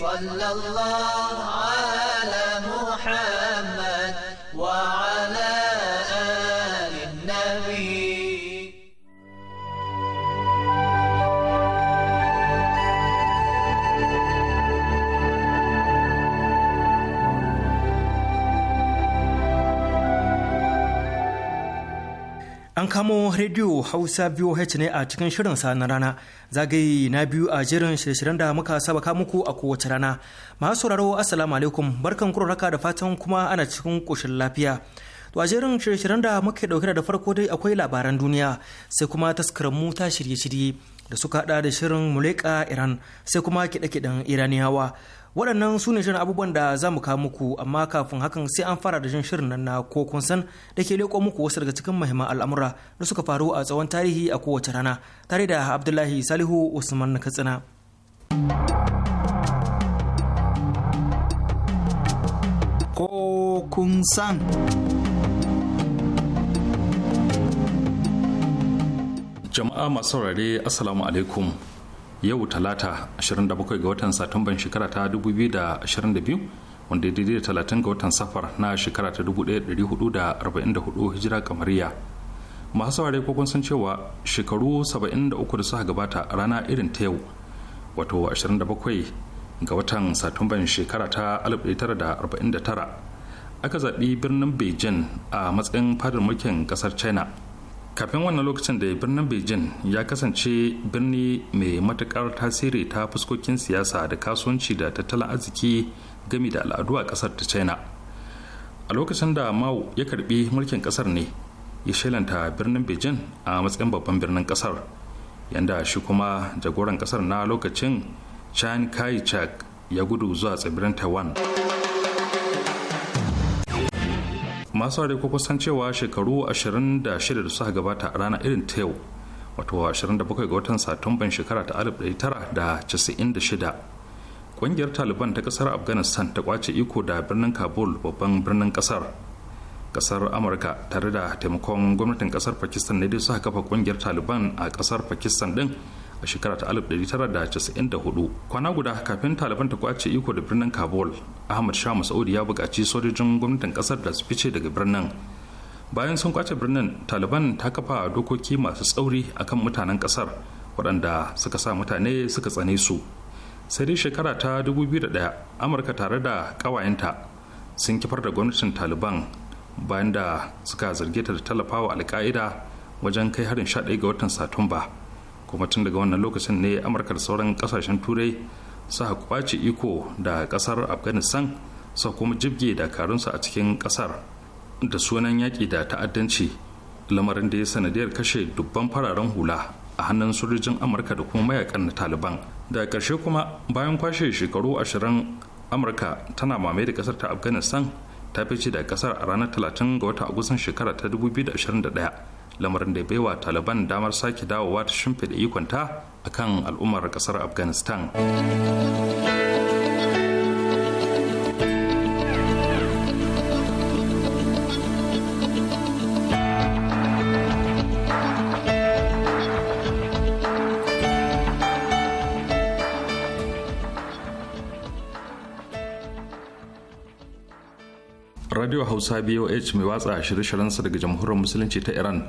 صلى الله على محمد kamo rediyo hausa VOH ne a cikin shirin sa na rana zagaye na biyu a jirin shirye-shiryen da muka saba ka muku a kowace rana masu sauraro assalamu alaikum barkan kuraraka da fatan kuma ana cikin koshin lafiya to a jirin shirye da muka dauke da farko dai akwai labaran duniya sai kuma taskarar mu ta shirye-shirye da suka hada da shirin muleka iran sai kuma kiɗe-kiɗen iraniyawa waɗannan su ne shirin abubuwan da za mu kawo muku amma kafin hakan sai an fara da jin shirin nan na ko kun san da ke leƙo muku wasu daga cikin mahimman al'amura da suka faru a tsawon tarihi a kowace rana tare da abdullahi salihu usman katsina ko san jama'a masu saurare assalamu alaikum yau talata 27 ga watan satumban shekara ta 2022 wanda ya daidai da 30 ga watan safar na shekara ta 1444 hijira kamariya masu saurare ko sun cewa shekaru 73 da suka gabata rana irin ta yau wato 27 ga watan satumban shekara ta 1949 aka zaɓi birnin beijing a matsayin fadar mulkin ƙasar china kafin wannan lokacin da birnin beijing ya kasance birni mai matukar tasiri ta fuskokin siyasa da kasuwanci da tattalin arziki gami da al'adu a kasar ta china a lokacin da mao ya karbi mulkin kasar ne ya shelanta birnin beijing a matsayin babban birnin kasar yadda shi kuma jagoran kasar na lokacin chan kai chak ya gudu zuwa tsibirin taiwan masu ko kusan cewa shekaru 26 da suka gabata a rana irin ta yau wato 27 ga watan satumban shekara ta 1996 kungiyar taliban ta kasar afghanistan ta kwace iko da birnin kabul babban birnin kasar kasar amurka tare da taimakon gwamnatin kasar pakistan ne dai suka kafa kungiyar taliban a kasar pakistan din a shekara ta 1994 kwana guda kafin taliban ta kwace iko da birnin kabul ahmad sha masaudi ya buƙaci sojojin gwamnatin kasar da su fice daga birnin bayan sun kwace birnin taliban ta kafa dokoki masu tsauri akan mutanen kasar waɗanda suka sa mutane suka tsane su sai dai shekara ta 2001 amurka tare da ƙawayenta sun kifar da gwamnatin taliban bayan da suka zarge ta da tallafawa alka'ida wajen kai harin 11 ga watan satumba kuma tun daga wannan lokacin ne amurka da sauran kasashen turai suka kwace iko da kasar afghanistan su kuma jibge dakarunsu a cikin kasar da sunan yaƙi da ta'addanci lamarin da ya sanadiyar kashe dubban fararen hula a hannun sojojin amurka da kuma mayakan na taliban da karshe kuma bayan kwashe shekaru ashirin amurka tana mamaye da kasar ta afghanistan ta fice da kasar a ranar talatin ga watan agustan shekara ta 2021 lamarin da baiwa taliban damar sake dawowa ta shimfiɗa ikonta a kan al'ummar ƙasar afghanistan radio hausa boh mai watsa shirye-shiryensa daga jamhuriyar musulunci ta iran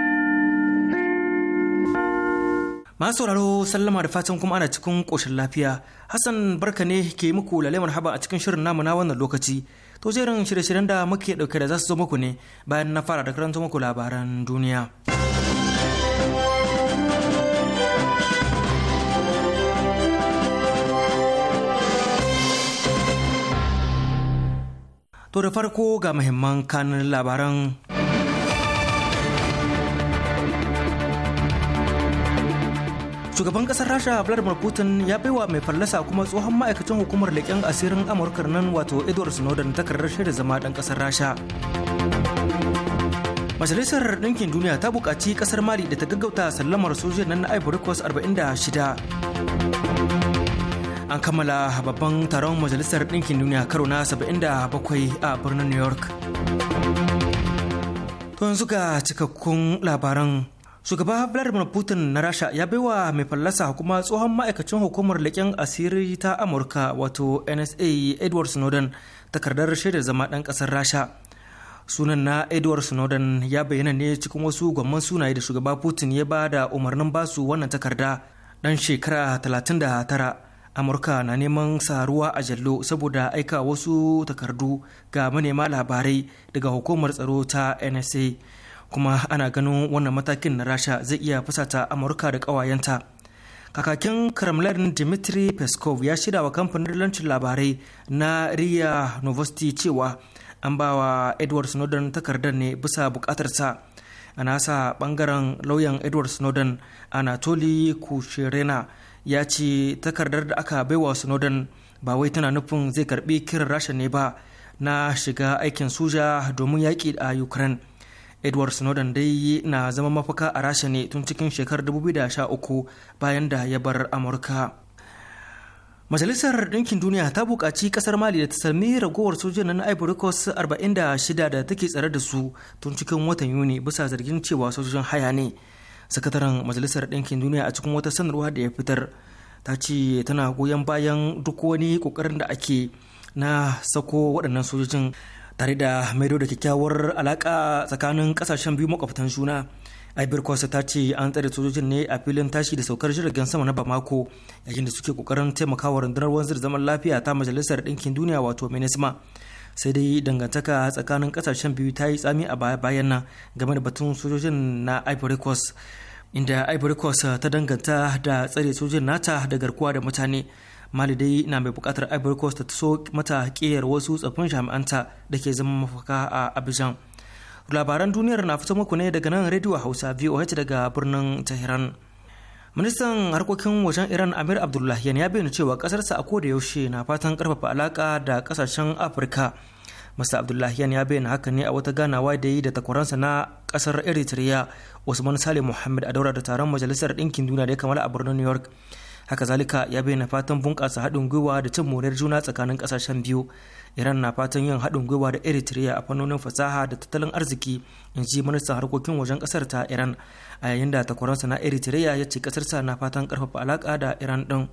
Masu sauraro sallama da fatan kuma ana cikin ƙoshin lafiya. Hassan barka ne ke muku lalemar haba a cikin shirin namu na wannan lokaci. To jerin shirye-shiryen da muke ɗauke da za su zo muku ne bayan na fara da karanta muku labaran duniya. To da farko ga muhimman kanin labaran shugaban kasar rasha vladimir putin ya baiwa mai fallasa kuma tsohon ma'aikacin hukumar leƙen asirin amurkar nan wato edward snowden takardar shaida zama ɗan kasar rasha majalisar ɗinkin duniya ta buƙaci ƙasar mali da ta gaggauta sallamar sojojin nan na ivory coast 46 an kammala babban taron majalisar ɗinkin duniya karo na 77 a birnin new york to yanzu ga cikakkun labaran shugaba vladimir putin na rasha ya bai wa mai fallasa kuma tsohon ma'aikacin hukumar leƙen asiri ta amurka wato nsa edward snowden takardar shaidar zama ɗan ƙasar rasha sunan na edward snowden ya bayyana ne cikin wasu gwamman sunaye da shugaba putin ya ba da umarnin basu wannan takarda ɗan shekara 39 amurka na neman saruwa a jallo saboda aika wasu takardu ga manema labarai daga hukumar tsaro ta nsa kuma ana ganin wannan matakin na rasha zai iya fusata amurka da ƙawayenta kakakin kremlin dmitry peskov ya shida wa kamfanin lancin labarai na riya novosti cewa an ba wa edward snowden takardar ne bisa bukatarsa a nasa bangaren lauyan edward snowden anatoli kushirena ya ce takardar da aka baiwa snowden ba wai tana nufin zai karbi kiran rasha ne ba na shiga aikin suja domin yaƙi a ukraine edward snowden dai na zama mafaka a rasha ne tun cikin shekarar 2013 bayan da ya bar amurka majalisar ɗinkin duniya ta buƙaci ƙasar mali da ta sami ragowar sojin na ivory coast 46 da take tsare da su tun cikin watan yuni bisa zargin cewa sojojin haya ne sakataren majalisar ɗinkin duniya a cikin wata sanarwa da ya fitar ta ce tana goyon bayan duk wani kokarin da ake na sako waɗannan sojojin tare da maido da kyakkyawar alaka tsakanin kasashen biyu makwabtan juna ivory coast ta ce an tsare sojojin ne a filin tashi da saukar jiragen sama na bamako yayin da suke kokarin taimakawa rundunar wanzar zaman lafiya ta majalisar ɗinkin duniya wato minisma sai dai dangantaka tsakanin kasashen biyu ta yi tsami a baya bayan nan game da batun sojojin na ivory coast inda ivory coast ta danganta da tsare sojojin nata da garkuwa da mutane mali dai na mai bukatar ivory coast ta so mata ƙeyar wasu tsaffin jami'anta da ke zama mafaka a abidjan labaran duniyar na fito muku ne daga nan rediyo hausa voh daga birnin tehran ministan harkokin wajen iran amir abdullahian ya bayyana cewa kasarsa a koda yaushe na fatan karfafa alaka da kasashen afirka mr abdullahian ya bayyana haka ne a wata ganawa da yi da takwaransa na kasar eritrea usman sale muhammad a daura da taron majalisar ɗinkin duniya da ya kamala a birnin new york haka zalika ya bayyana fatan bunƙasa haɗin gwiwa da cin morar juna tsakanin ƙasashen biyu iran na fatan yin haɗin gwiwa da eritrea a fannonin fasaha da tattalin arziki in ji ministan harkokin wajen ƙasar ta iran a yayin da takwaransa na eritrea ya ce ƙasarsa na fatan ƙarfafa alaƙa da iran ɗin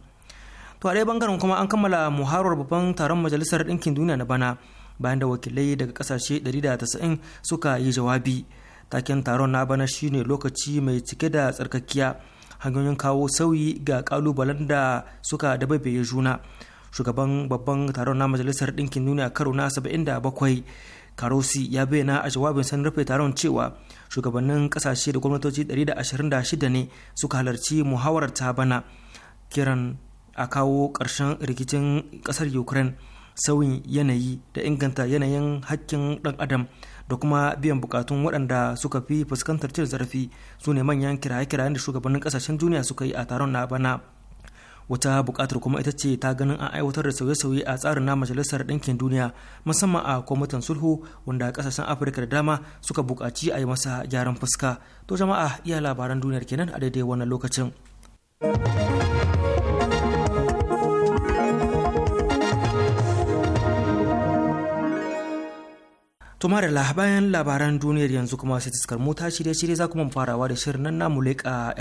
to a ɗaya bangaren kuma an kammala muharar babban taron majalisar ɗinkin duniya na bana bayan da wakilai daga ƙasashe 190 suka yi jawabi taken taron na bana shine lokaci mai cike da tsarkakkiya. hanyoyin kawo sauyi ga kalubalen da suka dabaibaye juna shugaban babban taron na majalisar ɗinkin duniya karo na 77 karosi ya bayyana a jawabin san rufe taron cewa shugabannin kasashe da gwamnatoci 126 ne suka halarci muhawarar ta bana kiran a kawo ƙarshen rikicin ƙasar ukraine sauyin yanayi da inganta yanayin hakkin ɗan adam da kuma biyan bukatun waɗanda suka fi fuskantar cin zarafi su ne manyan kiraye-kirayen da shugabannin kasashen duniya suka yi a taron na bana wata bukatar kuma ita ce ta ganin an aiwatar da sauye-sauye a tsarin na majalisar ɗinkin duniya musamman a kwamitin sulhu wanda kasashen afirka da dama suka bukaci a yi masa gyaran fuska to jama'a iya labaran duniyar kenan a daidai wannan lokacin To da bayan labaran duniyar yanzu kuma sai tiskar mota shirye-shirye za kuma farawa da shirin nan namu leƙa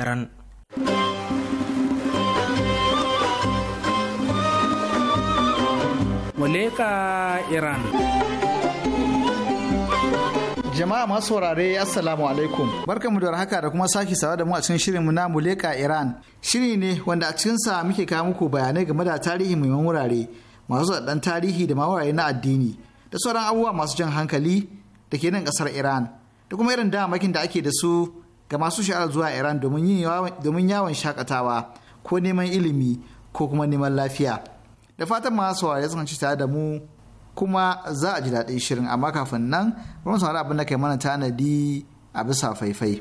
Iran. Jama'a masu saurare Assalamu alaikum. Barkanmu da haka da kuma sake sawa da mu a cikin shirinmu na Muleka Iran. Shiri ne wanda a cikinsa muke kawo muku bayanai game da tarihi muhimman wurare masu zaɗan tarihi da ma wurare na addini. da sauran abubuwa masu jan hankali da ke nan kasar iran da kuma irin damakin da ake da su ga masu sha'ar zuwa iran domin yawon shakatawa ko neman ilimi ko kuma neman lafiya da fatan masu ya sun ci tare da mu kuma za a ji daɗin shirin amma kafin nan bari mu saurari abin da kai mana tanadi a bisa faifai.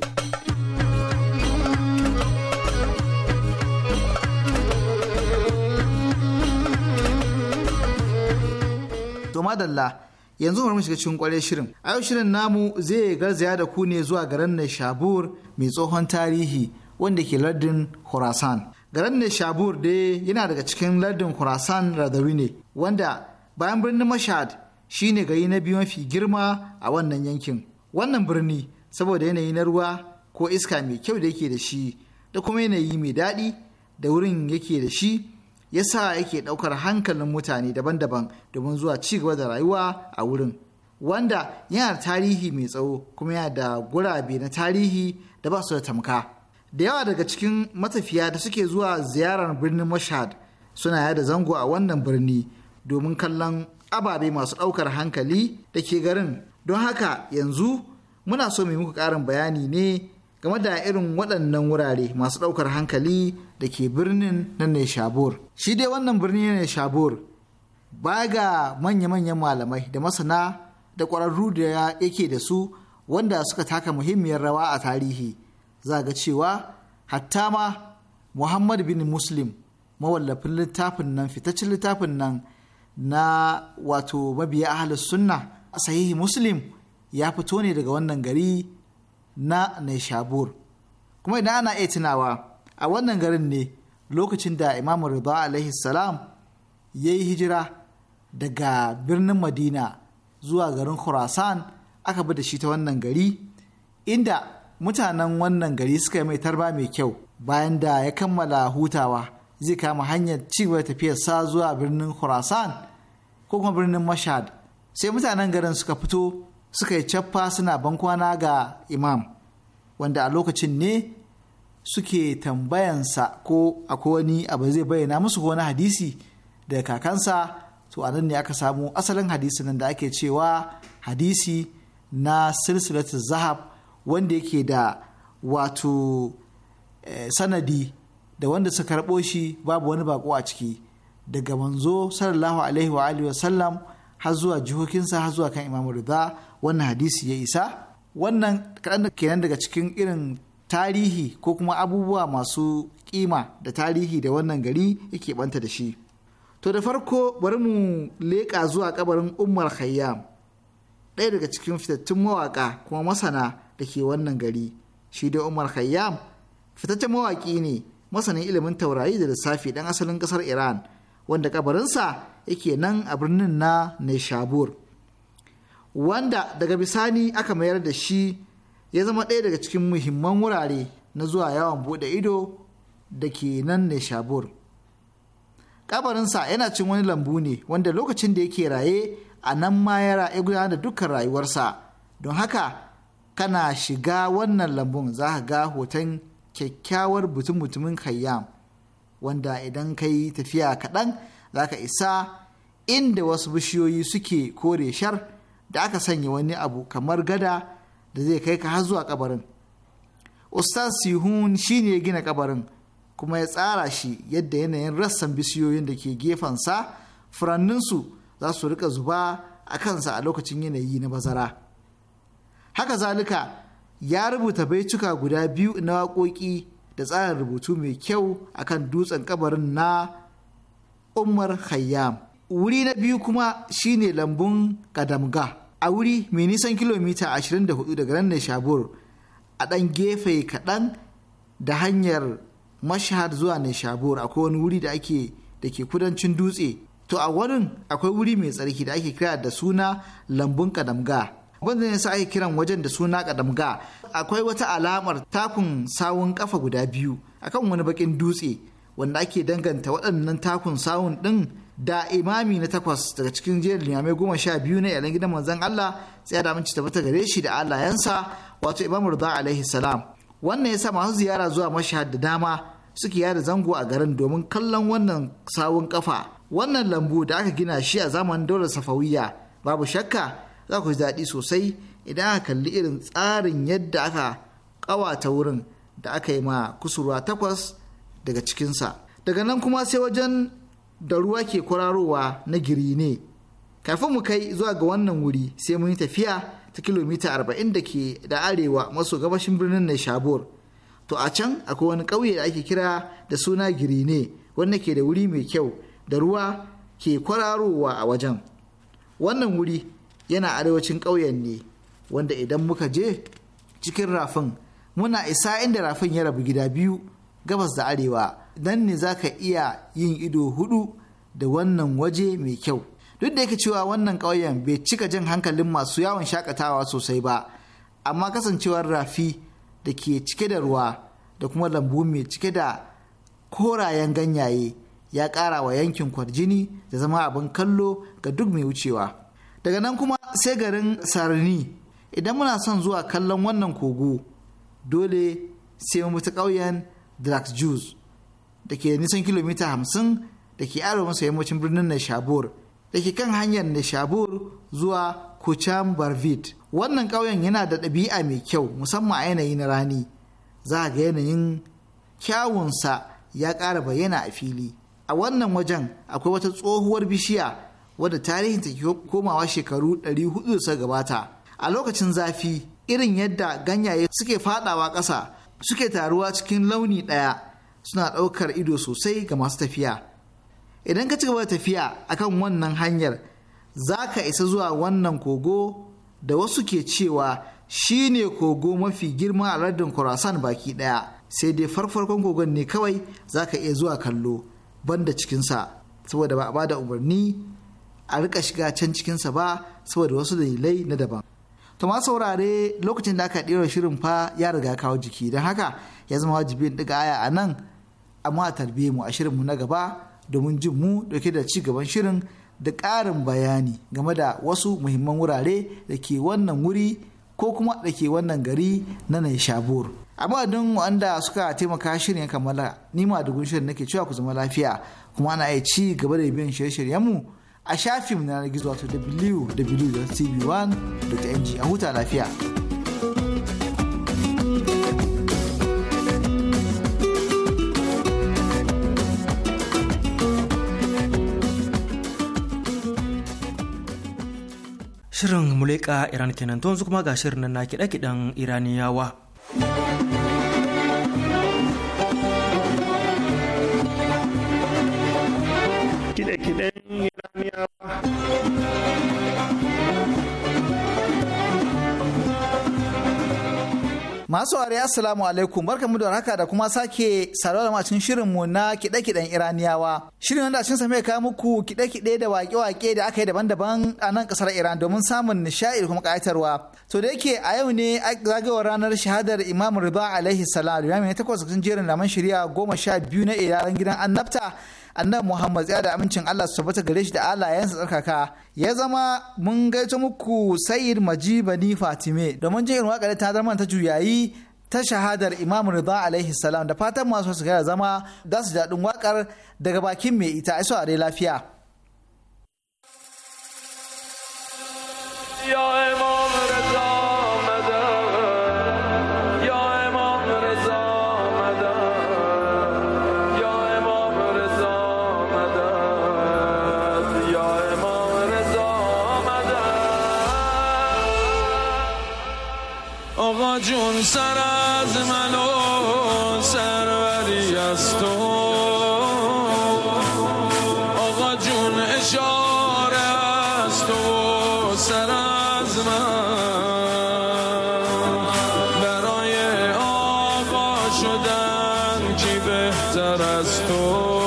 to madalla yanzu mu shiga cikin kwarai shirin a yau shirin namu zai garzaya da ku ne zuwa garin shabur mai tsohon tarihi wanda ke lardin Khurasan garin shabur dai yana daga cikin lardin Khurasan Radawi ne wanda bayan birnin Mashhad shine gari na biyu mafi girma a wannan yankin wannan birni saboda yanayi na ruwa ko iska mai kyau da yake da shi da kuma yanayi mai daɗi da wurin yake da shi Ya sa yake ɗaukar hankalin mutane daban-daban domin zuwa ci gaba da rayuwa a wurin wanda yana da tarihi mai tsawo kuma yana da gurabe na tarihi da ba su da tamka da yawa daga cikin matafiya da suke zuwa ziyarar birnin mashad suna yada zango a wannan birni domin kallon ababe masu ɗaukar hankali da ke garin don haka yanzu muna so mu muku ƙarin bayani ne game da irin waɗannan wurare masu ɗaukar hankali da ke birnin na Neshabur. Shi dai wannan birni na Neshabur ba ga manya-manyan malamai da masana da ƙwararru da yake da su wanda suka taka muhimmiyar rawa a tarihi za ga cewa hatta ma Muhammad bin Muslim mawallafin littafin nan fitaccen littafin nan na wato mabiya ahalus sunna a sahihi Muslim ya fito ne daga wannan gari na Neshabur. Kuma idan ana iya tunawa a wannan garin ne lokacin da imamu rida alaihi salam ya yi hijira daga birnin madina zuwa garin khurasan aka bi da shi ta wannan gari inda mutanen wannan gari suka yi mai tarba mai kyau bayan da ya kammala hutawa zai kama hanyar cigaba tafiyarsa zuwa birnin khurasan ko kuma birnin mashad sai mutanen garin suka fito suka yi caffa suna bankwana ga imam wanda a lokacin ne suke tambayansa ko akwai wani abu zai bayyana musu ko wani hadisi daga kakansa to anan ne aka samu asalin hadisi nan da ake cewa hadisi na silsilatu zahab wanda yake da wato eh, sanadi da wanda suka karɓo shi babu wani bako a ciki daga manzo sallallahu alaihi wa alihi wasallam har zuwa jihokinsa har zuwa kan imamu rida wannan hadisi ya isa wannan kaɗan kenan daga cikin irin tarihi ko kuma abubuwa masu kima da tarihi da wannan gari yake banta da shi to da farko bari mu leƙa zuwa kabarin Umar khayyam ɗaya daga cikin fitattun mawaƙa kuma masana da ke wannan gari shi da umar khayyam fitaccen mawaƙi ne masanin ilimin taurari da lissafi ɗan asalin ƙasar iran wanda kabarinsa yake nan a birnin na neshabur wanda daga bisani aka mayar da shi ya zama ɗaya daga cikin muhimman wurare na zuwa yawon buɗe ido da ke nan ne shabur kabarinsa yana cin wani lambu ne wanda lokacin da yake raye a nan ma ya gudanar da dukkan rayuwarsa don haka kana shiga wannan lambun za ka ga hoton kyakkyawar butun mutumin kayyam wanda idan ka yi tafiya kaɗan za ka isa inda wasu bishiyoyi suke kore shar da aka sanya wani abu kamar gada da zai kai ka har zuwa kabarin ustaz sihun shine ya gina kabarin kuma ya tsara shi yadda yanayin rassan bisiyoyin da ke gefensa furanninsu za su rika zuba a kansa a lokacin yanayi na bazara haka zalika ya rubuta baituka guda biyu na waƙoƙi da tsarin rubutu mai kyau a kan dutsen kabarin na umar khayyam wuri na biyu kuma shine lambun kadamga a wuri mai nisan kilomita 24 daga nan Nishabur a ɗan gefe kaɗan da hanyar mashahar zuwa Nishabur akwai wani wuri da ake da ke kudancin dutse to a wurin akwai wuri mai tsarki da ake kira da suna lambun kadamga abin ne yasa ake kiran wajen da suna kadamga akwai wata alamar takun sawun kafa guda biyu akan wani bakin dutse wanda ake danganta waɗannan takun sawun ɗin da imami na takwas daga cikin jerin limamai goma sha biyu na yalan gidan manzon Allah sai da aminci tabbata gare shi da Allah yansa, wato Imam Rida alaihi salam wannan yasa masu ziyara zuwa mashahad da dama suke yada zango a garin domin kallon wannan sawun kafa wannan lambu da aka gina shi a zaman daular safawiya babu shakka za ku ji daɗi sosai idan aka kalli irin tsarin yadda aka kawata wurin da aka yi ma kusurwa takwas daga cikinsa daga nan kuma sai wajen da ruwa ke kwararowa na giri ne kafin mu kai zuwa ga wannan wuri sai mun yi tafiya ta kilomita arba'in da ke da arewa maso gabashin birnin Neshabur. To a can akwai wani ƙauye da ake kira da suna Girine wanda ke da wuri mai kyau da ruwa ke kwararowa a wajen. Wannan wuri yana arewacin ƙauyen ne wanda idan muka je cikin rafin muna isa inda rafin ya rabu gida biyu gabas da arewa nan ne za ka iya yin ido hudu da wannan waje mai kyau duk da yake cewa wannan ƙauyen bai cika jin hankalin masu yawon shakatawa sosai ba amma kasancewar rafi da ke cike da ruwa da kuma lambu mai cike da korayen ganyaye ya ƙara wa yankin kwarjini da zama abin kallo ga duk mai wucewa daga nan kuma sai garin sarni idan muna son zuwa kallon wannan kogo dole sai mu mutu ƙauyen jews da ke nisan kilomita hamsin da ke arewa masa yammacin birnin Neshabur da ke kan hanyar Neshabur zuwa Kucham Barvid. Wannan ƙauyen yana da ɗabi'a mai kyau musamman a yanayi na rani. Za ga yanayin kyawunsa ya ƙara bayyana a fili. A wannan wajen akwai wata tsohuwar bishiya wadda tarihin ke komawa shekaru ɗari 400 gabata. A lokacin zafi irin yadda ganyaye suke faɗawa ƙasa suke taruwa cikin launi ɗaya suna ɗaukar ido sosai ga masu tafiya idan ka ci gaba da tafiya akan wannan hanyar za ka isa zuwa wannan kogo da wasu ke cewa shi ne kogo mafi girma a lardin kurasan baki ɗaya sai dai farfarkon kogon ne kawai za ka iya zuwa kallo banda cikinsa saboda ba a bada umarni a rika shiga can cikinsa ba saboda wasu dalilai na daban to ma saurare lokacin da aka ɗera shirin fa ya riga kawo jiki don haka ya zama wajibin ɗiga aya a nan amma a tarbe mu a shirinmu na gaba domin jin mu dauke da ci gaban shirin da ƙarin bayani game da wasu muhimman wurare da ke wannan wuri ko kuma da ke wannan gari na Naishabur. a don wanda suka taimaka shirin ya kammala ni ma dugun shirin nake cewa ku zama lafiya kuma ana iya ci gaba da biyan shirye-shiryenmu a shafin na yanar gizo wato www.tv1.ng a huta lafiya. Shirin Muleka Iran kenan to yanzu kuma ga shirin na kiɗe-kiɗen Iraniyawa. Masu ware assalamu alaikum barkamu da haka da kuma sake saduwa da macin shirin mu na kiɗe-kiɗen Iraniyawa. Shirin wanda cin sa mai kawo muku kiɗe-kiɗe da waƙe-waƙe da aka yi daban-daban a nan ƙasar Iran domin samun nishaɗi da kuma ƙayatarwa. To da yake a yau ne a zagayowar ranar shahadar Imam Riba alaihi salam, Imam ne takwas cikin jerin laman shari'a goma sha biyu na iyalan gidan annabta annabi Muhammad ya da amincin Allah su bata gare shi da alayensa tsarkaka ya zama mun gaito muku Sayyid Majibani Fatime domin jin irin waƙar ta zama ta juyayi ta shahadar Imam Rida alaihi salam da fatan masu su gaya zama da su daɗin wakar daga bakin mai ita iso a dai lafiya. Ya Imam جون سر از من و سروری از تو آقا جون اشاره از تو سر از من برای آقا شدن کی بهتر از تو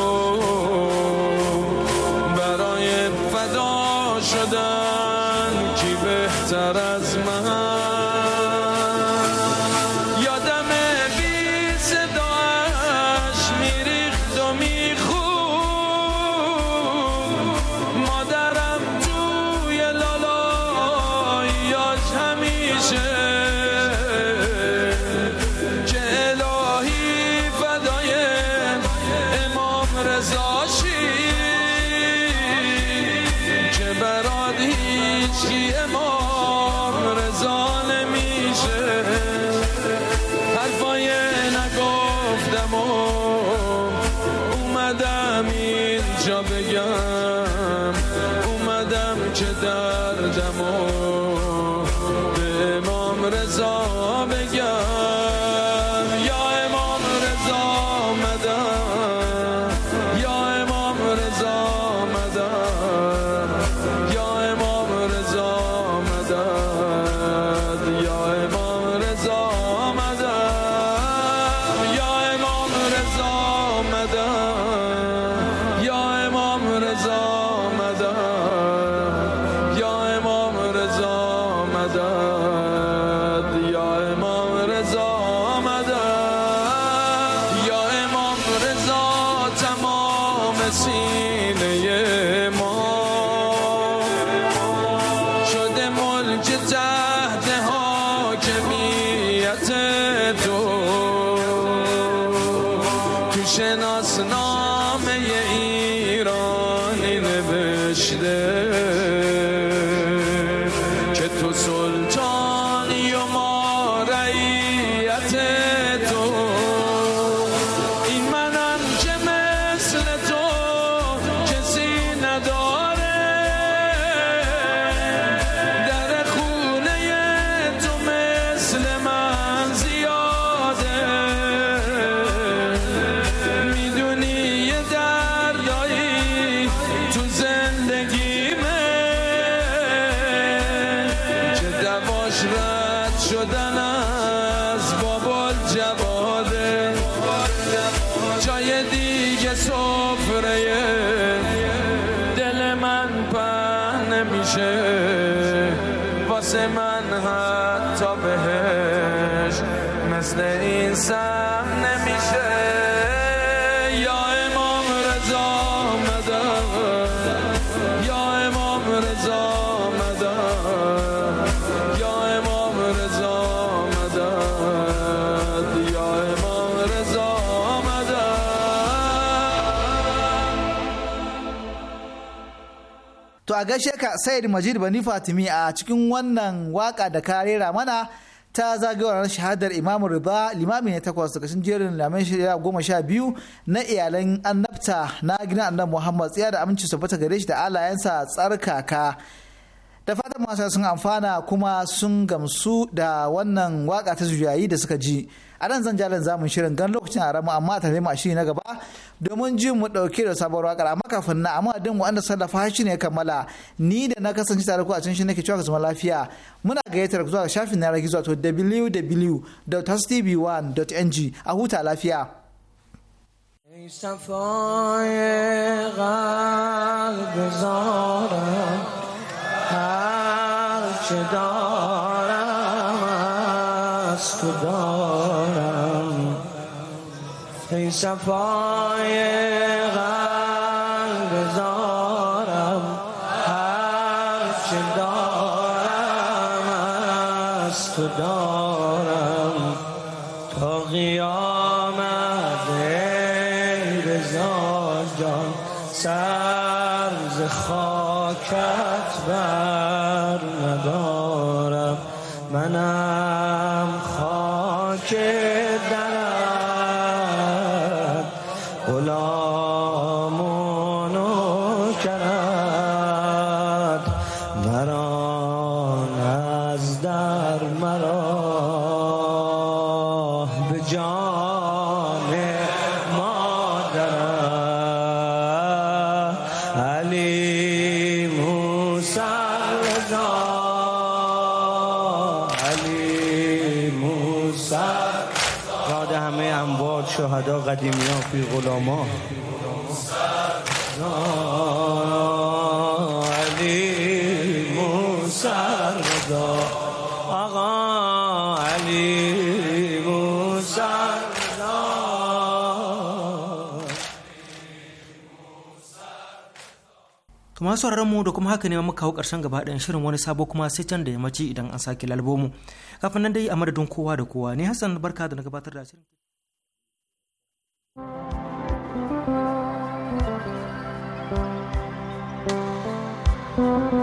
deixe a gaishe ka Said Majid Bani Fatimi a cikin wannan waka da ka rera mana ta zagayowar shahadar Imam Riba limami ne takwas daga cikin jerin lamin shirya goma sha biyu na iyalan annabta na gina annab Muhammad tsiya da aminci su gare shi da alayensa tsarkaka. Da fatan masu sun amfana kuma sun gamsu da wannan waka ta zuyayi da suka ji. a nan zan jalan zamun shirin gan lokacin a ramu amma tafi ma shiri na gaba domin jin mu dauke da sabuwar wakar amma kafin na amma din wanda sallafa shi ne kammala ni da na kasance tare ku a cikin shi nake cewa zama lafiya muna gayyatar ku zuwa ga shafin na gizo to www.tv1.ng a huta lafiya ای صفای ای صفای قلب بذارم هر چه دارم از تو دارم از در مرا به جان مادر علی موسی رضا علی موسی راد همه انواد شهدا قدیمی ها فی غلاما masu mu da kuma haka ne muka kawo karshen gaba ɗayan shirin wani sabo kuma sai can da yammaci idan an sake lalbomu kafin nan dai a madadin kowa da kowa ne hassan barka da na gabatar da shirin thank you